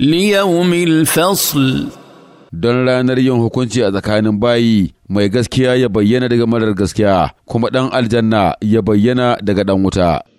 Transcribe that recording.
ليوم الفصل don ranar yin hukunci a tsakanin bayi mai gaskiya ya bayyana daga marar gaskiya kuma ɗan aljanna ya bayyana daga ɗan wuta.